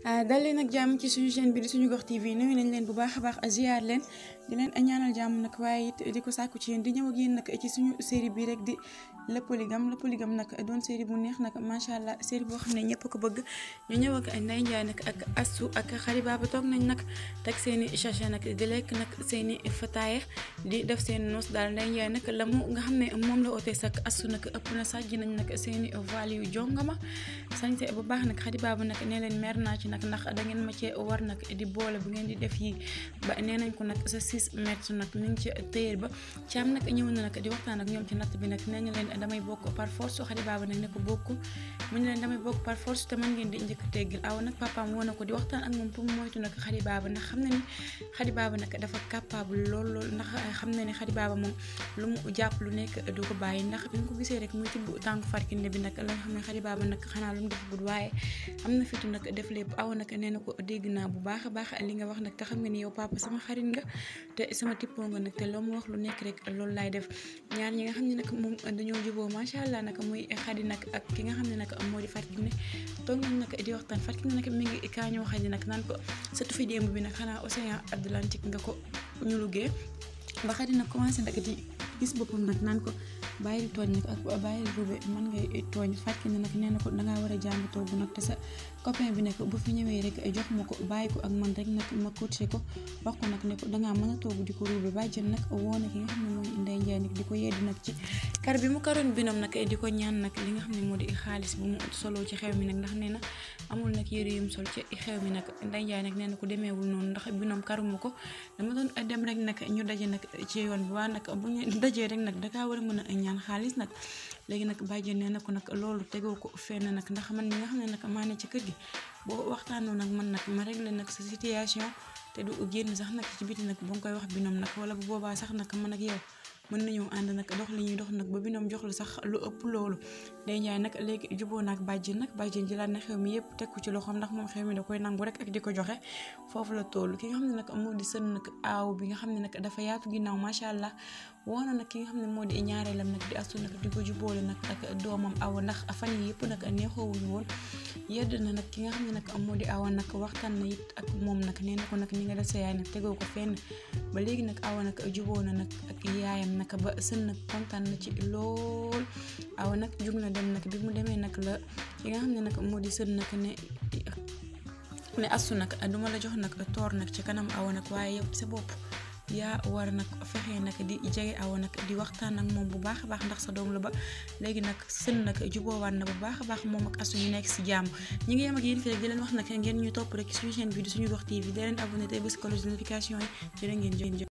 Ah, dal leen ak jàmm ci suñu chaîne bi di suñu gox TV nuyu nañ leen bu baax a baax ziar leen di leen ñaanal jàmm nag waaye it di ko sàkku ci yéen di ñëw ak yéen nag ci suñu série bi rek di le polygame le polygame nag doon série bu neex nag macha allah série boo xam ne ñëpp ko bëgg ñu ñëw ak Ndeye Ndiaye nag ak Astou ak Khary Baba toog nañ nag teg seen i sachet nag di lekk nag seen i fataaye di def seen noos daal Ndeye Ndiaye nag la nga xam ne moom la ootee sak Astou nag ëpp na sàjj nañ nag seen i voile yu jongama sañte bu baax nag Khary Baba nag ne leen nag ndax da ngeen ma cee war nag di boole bu ngeen di def yi ba nee nañ ko nag sa 6 mètres nag mi ngi ci téyër ba caam nag na bi nag nee ñu leen damay bokk par force su xadi baaba nag ne ko bokk di njëkk teggil aw nag papaam woo na ko di waxtaan ak moom pour mu moytu ndax xam na ni xadi baaba nag na ni xadi baaba moom lu mu jàpp lu nekk du ko ko gisee rek muy tibb tànku xanaa lu mu def gudd waaye am na fitu nag def lépp aw nag nee na ko dégg naa bu baax a baax li nga wax nag te xam nga ni yow papa sama xarit nga te sama tippoo nga nag te loo ma wax lu nekk rek loolu laay def ñaar ñi nga xam ne nag moom dañoo juboo macha allah nag muy xadi nag ak ki nga xam ne nag moo di Fatou Kiné toog nañ nag di waxtaan Fatou Kiné nag mi ngi kaañoo xadi nag naan ko sa tufi démb bi nag xanaa océan Atlantique nga ko ñu lugee ba xadi nag commencé nag di gis boppam nag naan ko bàyyil tooñ nag ak bàyyil ruube mën ngay tooñ fàcc na nag nee na ko dangaa war a jàng toogu nag te sa copain bi nag bu fi ñëwee rek jox ma ko bàyyi ak man rek nag ma coaché ko wax ko nag ne ko dangaa mën a toog di ko ruube bàjjen nag woo na ki nga xam ne mooy Ndeye Ndiaye nag di ko yeddi nag ci kar bi mu karoon binom nag di ko ñaan nag li nga xam ne moo di xaalis bu mu soloo ci xew mi nag ndax nee na amul nag yëre yum sol ci xew mi nag Ndeye Ndiaye nag na ko demeewul noonu ndax binom karuma ko dama doon dem rek nag ñu daje nag ci yoon bi waa nag bu ñu dajee rek nag dakaa war a mën a ñaan xaalis nag léegi nag bàjjen nee na ko nag loolu tegoo ko fenn nag ndax man ni nga xam ne nag maa ci kër gi boo waxtaanoo nag man nag ma réglé nag sa situation te du génn sax nag ci biti nag bu nga koy wax binom nag wala bu boobaa sax nag man ak yow mën nañoo ànd nag dox li ñuy dox nag ba binoom jox la sax lu ëpp loolu day njaay nag léegi juboo nag bàjjen nag bàjjen jëlaat na xew mi yëpp tekku ci loxoom ndax moom xew mi da koy nangu rek ak di ko joxe foofu la toll ki nga xam ne nag moo di sën nag aw bi nga xam ne nag dafa yaatu ginnaaw macha allah woona nag ki nga xam ne moo di ñaareelam nag di astu nag di ko juboole nag ak doomam aw ndax fan yi yëpp nag neexoowuñu woon yedd na nag ki nga xam ne nag moo di awa nag waxtaan na it ak moom nag nee na nag ni nga def sa yaay nag tegoo ko fenn ba léegi nag awa nag juboo na nag ak yaayam nag ba sën nag kontaan na ci lool awa nag jug na dem nag bi mu demee nag la ki nga xam ne nag moo di sën nak ne ne astu nag duma la jox nag toor nag ci kanam awa nag waaye yow sa bopp yaa war nag fexe nag di jege awa nag di waxtaan ak moom bu baax a baax ndax sa doom la ba léegi nag sën nag juboowaat na bu baax a baax moom ak asu nekk si jàmm ñi ngi yem ak yéen fi rek di leen wax nag ngeen ñu topp rek suñu chaîne bi di suñu gox TV di leen abonné tey bés cloche de notification yi ngeen jëf